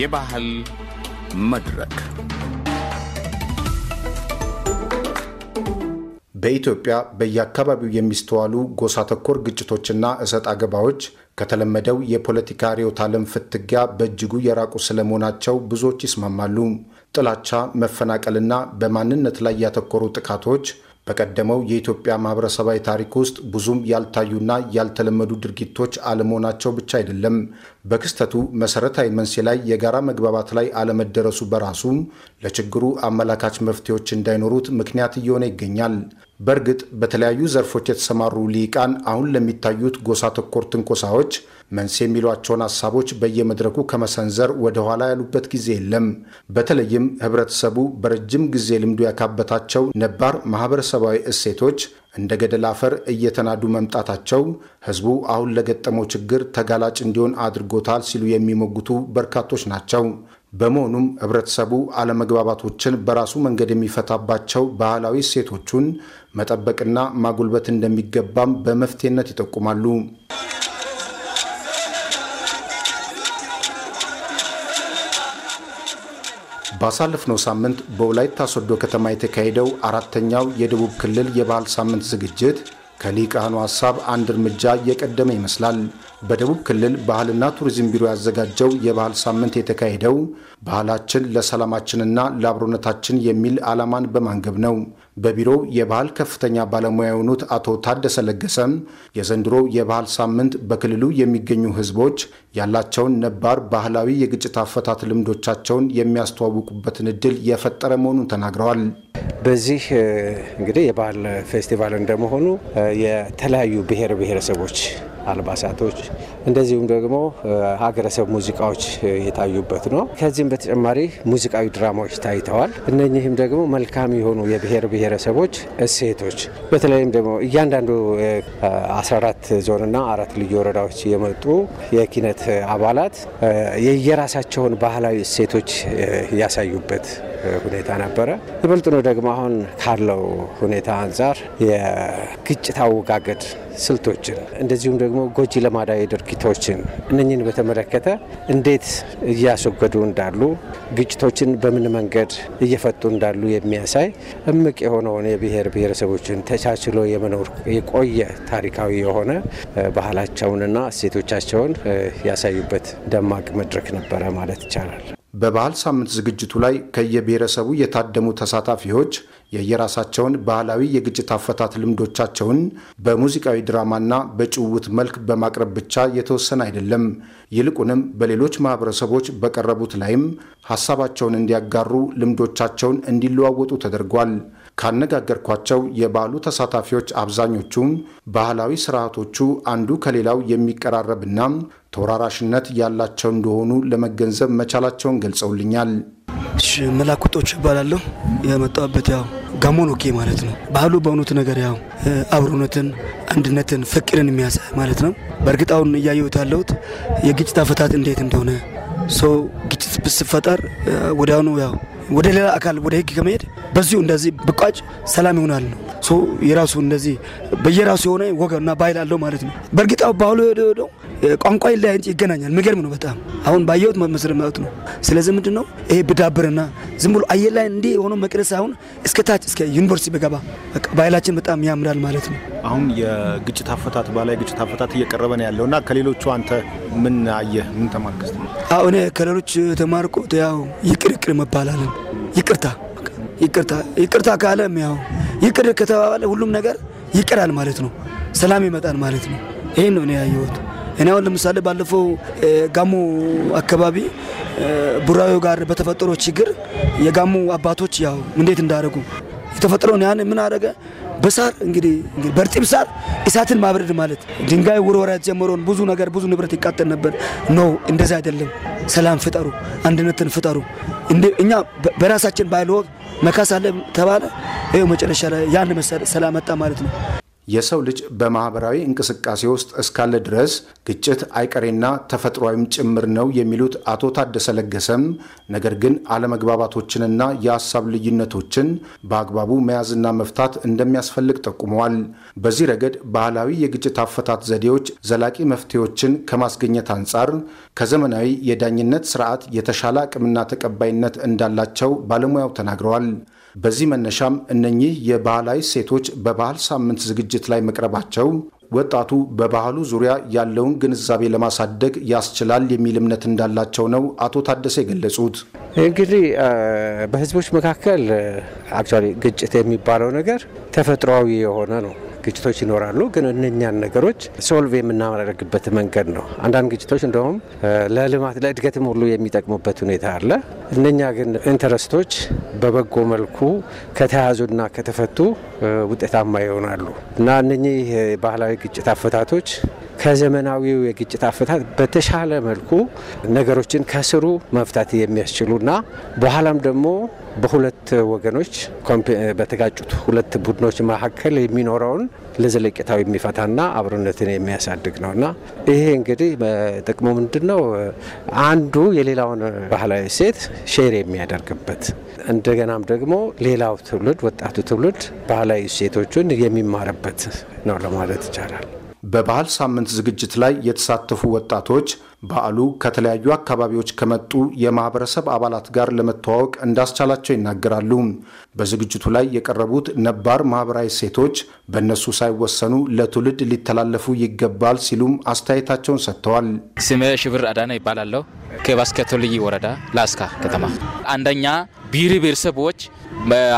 የባህል መድረክ በኢትዮጵያ በየአካባቢው የሚስተዋሉ ጎሳ ተኮር ግጭቶችና እሰጥ አገባዎች ከተለመደው የፖለቲካ ርዕዮተ ዓለም ፍትጊያ በእጅጉ የራቁ ስለመሆናቸው ብዙዎች ይስማማሉ። ጥላቻ፣ መፈናቀልና በማንነት ላይ ያተኮሩ ጥቃቶች በቀደመው የኢትዮጵያ ማህበረሰባዊ ታሪክ ውስጥ ብዙም ያልታዩና ያልተለመዱ ድርጊቶች አለመሆናቸው ብቻ አይደለም፣ በክስተቱ መሰረታዊ መንስኤ ላይ የጋራ መግባባት ላይ አለመደረሱ በራሱ ለችግሩ አመላካች መፍትሄዎች እንዳይኖሩት ምክንያት እየሆነ ይገኛል። በእርግጥ በተለያዩ ዘርፎች የተሰማሩ ሊቃን አሁን ለሚታዩት ጎሳ ተኮር ትንኮሳዎች መንስኤ የሚሏቸውን ሀሳቦች በየመድረኩ ከመሰንዘር ወደኋላ ያሉበት ጊዜ የለም። በተለይም ህብረተሰቡ በረጅም ጊዜ ልምዱ ያካበታቸው ነባር ማህበረሰባዊ እሴቶች እንደ ገደል አፈር እየተናዱ መምጣታቸው ህዝቡ አሁን ለገጠመው ችግር ተጋላጭ እንዲሆን አድርጎታል ሲሉ የሚሞግቱ በርካቶች ናቸው። በመሆኑም ህብረተሰቡ አለመግባባቶችን በራሱ መንገድ የሚፈታባቸው ባህላዊ እሴቶቹን መጠበቅና ማጎልበት እንደሚገባም በመፍትሄነት ይጠቁማሉ። ባሳለፍነው ሳምንት በወላይታ ሶዶ ከተማ የተካሄደው አራተኛው የደቡብ ክልል የባህል ሳምንት ዝግጅት ከሊቃኑ ሀሳብ አንድ እርምጃ የቀደመ ይመስላል። በደቡብ ክልል ባህልና ቱሪዝም ቢሮ ያዘጋጀው የባህል ሳምንት የተካሄደው ባህላችን ለሰላማችንና ለአብሮነታችን የሚል ዓላማን በማንገብ ነው። በቢሮው የባህል ከፍተኛ ባለሙያ የሆኑት አቶ ታደሰ ለገሰም የዘንድሮ የባህል ሳምንት በክልሉ የሚገኙ ህዝቦች ያላቸውን ነባር ባህላዊ የግጭት አፈታት ልምዶቻቸውን የሚያስተዋውቁበትን እድል የፈጠረ መሆኑን ተናግረዋል። በዚህ እንግዲህ የባህል ፌስቲቫል እንደመሆኑ የተለያዩ ብሔር ብሔረሰቦች አልባሳቶች እንደዚሁም ደግሞ ሀገረሰብ ሙዚቃዎች የታዩበት ነው። ከዚህም በተጨማሪ ሙዚቃዊ ድራማዎች ታይተዋል። እነኚህም ደግሞ መልካም የሆኑ የብሔር ብሔረሰቦች እሴቶች በተለይም ደግሞ እያንዳንዱ 14 ዞንና አራት ልዩ ወረዳዎች የመጡ የኪነት አባላት የየራሳቸውን ባህላዊ እሴቶች ያሳዩበት ሁኔታ ነበረ። ይበልጥኑ ደግሞ አሁን ካለው ሁኔታ አንጻር የግጭት አወጋገድ ስልቶችን እንደዚሁም ደግሞ ጎጂ ልማዳዊ ድርጊቶችን እነኝን በተመለከተ እንዴት እያስወገዱ እንዳሉ ግጭቶችን በምን መንገድ እየፈጡ እንዳሉ የሚያሳይ እምቅ የሆነውን የብሔር ብሔረሰቦችን ተቻችሎ የመኖር የቆየ ታሪካዊ የሆነ ባህላቸውንና እሴቶቻቸውን ያሳዩበት ደማቅ መድረክ ነበረ ማለት ይቻላል። በባህል ሳምንት ዝግጅቱ ላይ ከየብሔረሰቡ የታደሙ ተሳታፊዎች የየራሳቸውን ባህላዊ የግጭት አፈታት ልምዶቻቸውን በሙዚቃዊ ድራማና በጭውውት መልክ በማቅረብ ብቻ የተወሰነ አይደለም። ይልቁንም በሌሎች ማህበረሰቦች በቀረቡት ላይም ሀሳባቸውን እንዲያጋሩ፣ ልምዶቻቸውን እንዲለዋወጡ ተደርጓል። ካነጋገርኳቸው የባህሉ ተሳታፊዎች አብዛኞቹም ባህላዊ ስርዓቶቹ አንዱ ከሌላው የሚቀራረብና ተወራራሽነት ያላቸው እንደሆኑ ለመገንዘብ መቻላቸውን ገልጸውልኛል። መላኩቶች እባላለሁ። የመጣበት ያው ጋሞን ኦኬ ማለት ነው። ባህሉ በእውነቱ ነገር ያው አብሮነትን፣ አንድነትን፣ ፍቅርን የሚያሳይ ማለት ነው። በእርግጥ አሁን እያየሁት ያለሁት የግጭት አፈታት እንዴት እንደሆነ ሰው ግጭት ብስፈጠር ወዲያውኑ ያው ወደ ሌላ አካል ወደ ህግ ከመሄድ በዚሁ እንደዚህ ብቋጭ ሰላም ይሆናል ነው የራሱ እንደዚህ በየራሱ የሆነ ወገና ባህል አለው ማለት ነው። በእርግጥ ባህሉ ሄዶ ቋንቋ ይለያ እንጂ ይገናኛል። የሚገርም ነው በጣም አሁን ባየሁት መስረ ማለት ነው። ስለዚህ ምንድን ነው ይሄ ብዳብርና ዝም ብሎ አየር ላይ እንዲህ የሆነ መቅደስ አሁን እስከ ታች እስከ ዩኒቨርሲቲ በገባ ባህላችን በጣም ያምራል ማለት ነው። አሁን የግጭት አፈታት ባህላዊ ግጭት አፈታት እየቀረበ ነው ያለው እና ከሌሎቹ አንተ ምን አየህ? ምን ተማርከስ? እኔ ከሌሎች ተማርኩት ያው ይቅርቅር መባላለን ይቅርታ ይቅርታ ይቅርታ ካለም ያው ይቅር ከተባባለ ሁሉም ነገር ይቅራል ማለት ነው። ሰላም ይመጣል ማለት ነው። ይህን ነው እኔ ያየሁት። እኔ አሁን ለምሳሌ ባለፈው ጋሞ አካባቢ ቡራዮ ጋር በተፈጠረው ችግር የጋሞ አባቶች ያው እንዴት እንዳደረጉ የተፈጠረውን ያን ምን አደረገ በሳር እንግዲህ በርጢም ሳር እሳትን ማብረድ ማለት ድንጋይ ውርወራ ጀምሮን ብዙ ነገር ብዙ ንብረት ይቃጠል ነበር። ኖ እንደዛ አይደለም። ሰላም ፍጠሩ፣ አንድነትን ፍጠሩ። እኛ በራሳችን ባይለወቅ መካስ አለ ተባለ። ይኸው መጨረሻ ላይ ያን ሰላም መጣ ማለት ነው። የሰው ልጅ በማህበራዊ እንቅስቃሴ ውስጥ እስካለ ድረስ ግጭት አይቀሬና ተፈጥሯዊም ጭምር ነው የሚሉት አቶ ታደሰ ለገሰም ነገር ግን አለመግባባቶችንና የሀሳብ ልዩነቶችን በአግባቡ መያዝና መፍታት እንደሚያስፈልግ ጠቁመዋል። በዚህ ረገድ ባህላዊ የግጭት አፈታት ዘዴዎች ዘላቂ መፍትሄዎችን ከማስገኘት አንጻር ከዘመናዊ የዳኝነት ስርዓት የተሻለ አቅምና ተቀባይነት እንዳላቸው ባለሙያው ተናግረዋል። በዚህ መነሻም እነኚህ የባህላዊ ሴቶች በባህል ሳምንት ዝግጅት ላይ መቅረባቸው ወጣቱ በባህሉ ዙሪያ ያለውን ግንዛቤ ለማሳደግ ያስችላል የሚል እምነት እንዳላቸው ነው አቶ ታደሰ የገለጹት። እንግዲህ በህዝቦች መካከል አክቹዋሊ ግጭት የሚባለው ነገር ተፈጥሯዊ የሆነ ነው። ግጭቶች ይኖራሉ። ግን እነኛን ነገሮች ሶልቭ የምናደርግበት መንገድ ነው። አንዳንድ ግጭቶች እንደውም ለልማት ለእድገትም ሁሉ የሚጠቅሙበት ሁኔታ አለ። እነኛ ግን ኢንተረስቶች በበጎ መልኩ ከተያዙና ከተፈቱ ውጤታማ ይሆናሉ እና እነኚህ ባህላዊ ግጭት አፈታቶች ከዘመናዊው የግጭት አፈታት በተሻለ መልኩ ነገሮችን ከስሩ መፍታት የሚያስችሉና በኋላም ደግሞ በሁለት ወገኖች በተጋጩት ሁለት ቡድኖች መካከል የሚኖረውን ለዘለቄታው የሚፈታና አብሮነትን የሚያሳድግ ነውና ይሄ እንግዲህ ጥቅሙ ምንድን ነው? አንዱ የሌላውን ባህላዊ ሴት ሼር የሚያደርግበት እንደገናም ደግሞ ሌላው ትውልድ ወጣቱ ትውልድ ባህላዊ ሴቶቹን የሚማርበት ነው ለማለት ይቻላል። በባህል ሳምንት ዝግጅት ላይ የተሳተፉ ወጣቶች በዓሉ ከተለያዩ አካባቢዎች ከመጡ የማህበረሰብ አባላት ጋር ለመተዋወቅ እንዳስቻላቸው ይናገራሉ። በዝግጅቱ ላይ የቀረቡት ነባር ማህበራዊ ሴቶች በእነሱ ሳይወሰኑ ለትውልድ ሊተላለፉ ይገባል ሲሉም አስተያየታቸውን ሰጥተዋል። ስሜ ሽብር አዳነ ይባላለሁ። ከባስኬቶ ወረዳ ላስካ ከተማ አንደኛ ብሔር ብሔረሰቦች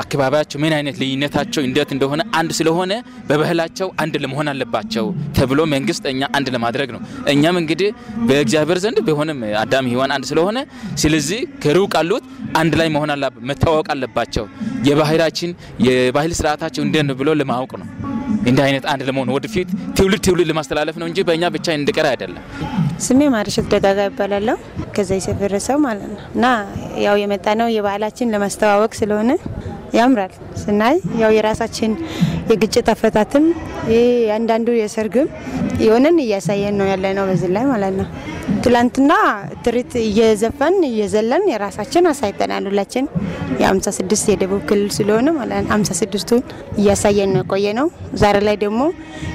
አካባቢያቸው ምን አይነት ልዩነታቸው እንዴት እንደሆነ አንድ ስለሆነ በባህላቸው አንድ ለመሆን አለባቸው ተብሎ መንግስት እኛ አንድ ለማድረግ ነው። እኛም እንግዲህ በእግዚአብሔር ዘንድ ቢሆንም አዳም ሔዋን አንድ ስለሆነ ስለዚህ ከሩቅ አሉት አንድ ላይ መሆን መታወቅ አለባቸው። የባህላችን የባህል ስርዓታቸው እንዴት ነው ብሎ ለማወቅ ነው። እንዲህ አይነት አንድ ለመሆን ወደፊት ትውልድ ትውልድ ለማስተላለፍ ነው እንጂ በእኛ ብቻ እንድቀር አይደለም። ስሜ ማርሸት ደጋጋ ይባላለሁ። ከዛ የሰፈረ ሰው ማለት ነው እና ያው የመጣ ነው የባህላችን ለማስተዋወቅ ስለሆነ ያምራል ስናይ ያው የራሳችን የግጭት አፈታትም ይህ አንዳንዱ የሰርግም የሆነን እያሳየን ነው ያለ ነው በዚህ ላይ ማለት ነው። ትላንትና ትርኢት እየዘፈን እየዘለን የራሳችን አሳይተናል። ሁላችን የአምሳ ስድስት የደቡብ ክልል ስለሆነ ማለት ነው አምሳ ስድስቱን እያሳየን ነው የቆየ ነው። ዛሬ ላይ ደግሞ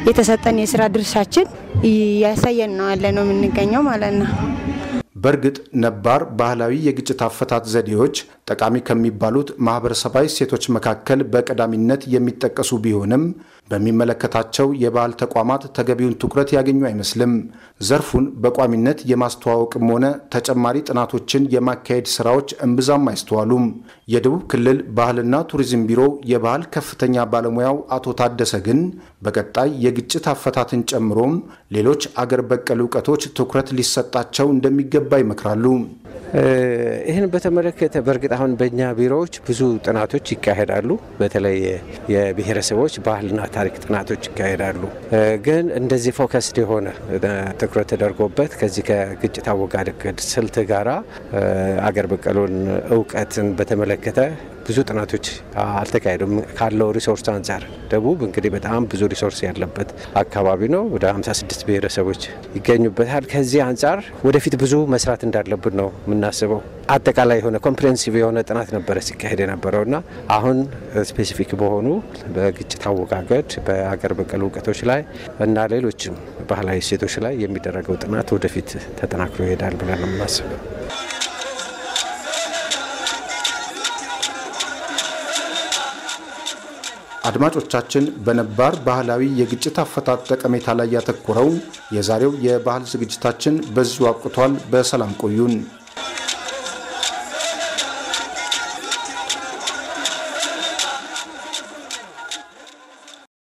የተሰጠን የስራ ድርሻችን እያሳየን ነው ያለ ነው የምንገኘው ማለት ነው። በእርግጥ ነባር ባህላዊ የግጭት አፈታት ዘዴዎች ጠቃሚ ከሚባሉት ማህበረሰባዊ ሴቶች መካከል በቀዳሚነት የሚጠቀሱ ቢሆንም በሚመለከታቸው የባህል ተቋማት ተገቢውን ትኩረት ያገኙ አይመስልም። ዘርፉን በቋሚነት የማስተዋወቅም ሆነ ተጨማሪ ጥናቶችን የማካሄድ ስራዎች እምብዛም አይስተዋሉም። የደቡብ ክልል ባህልና ቱሪዝም ቢሮ የባህል ከፍተኛ ባለሙያው አቶ ታደሰ ግን በቀጣይ የግጭት አፈታትን ጨምሮም ሌሎች አገር በቀል እውቀቶች ትኩረት ሊሰጣቸው እንደሚገባ ይመክራሉ። ይህን በተመለከተ በእርግጥ አሁን በእኛ ቢሮዎች ብዙ ጥናቶች ይካሄዳሉ። በተለይ የብሔረሰቦች ባህልና ታሪክ ጥናቶች ይካሄዳሉ። ግን እንደዚህ ፎከስድ የሆነ ትኩረት ተደርጎበት ከዚህ ከግጭት አወጋገድ ስልት ጋራ አገር በቀሉን እውቀትን በተመለከተ ብዙ ጥናቶች አልተካሄዱም። ካለው ሪሶርስ አንጻር ደቡብ እንግዲህ በጣም ብዙ ሪሶርስ ያለበት አካባቢ ነው። ወደ 56 ብሔረሰቦች ይገኙበታል። ከዚህ አንጻር ወደፊት ብዙ መስራት እንዳለብን ነው የምናስበው። አጠቃላይ የሆነ ኮምፕሬንሲቭ የሆነ ጥናት ነበረ ሲካሄድ የነበረውና አሁን ስፔሲፊክ በሆኑ በግጭት አወጋገድ በአገር በቀል እውቀቶች ላይ እና ሌሎችም ባህላዊ እሴቶች ላይ የሚደረገው ጥናት ወደፊት ተጠናክሮ ይሄዳል ብለን ነው የምናስበው። አድማጮቻችን በነባር ባህላዊ የግጭት አፈታት ጠቀሜታ ላይ ያተኮረው የዛሬው የባህል ዝግጅታችን በዚሁ አብቅቷል። በሰላም ቆዩን።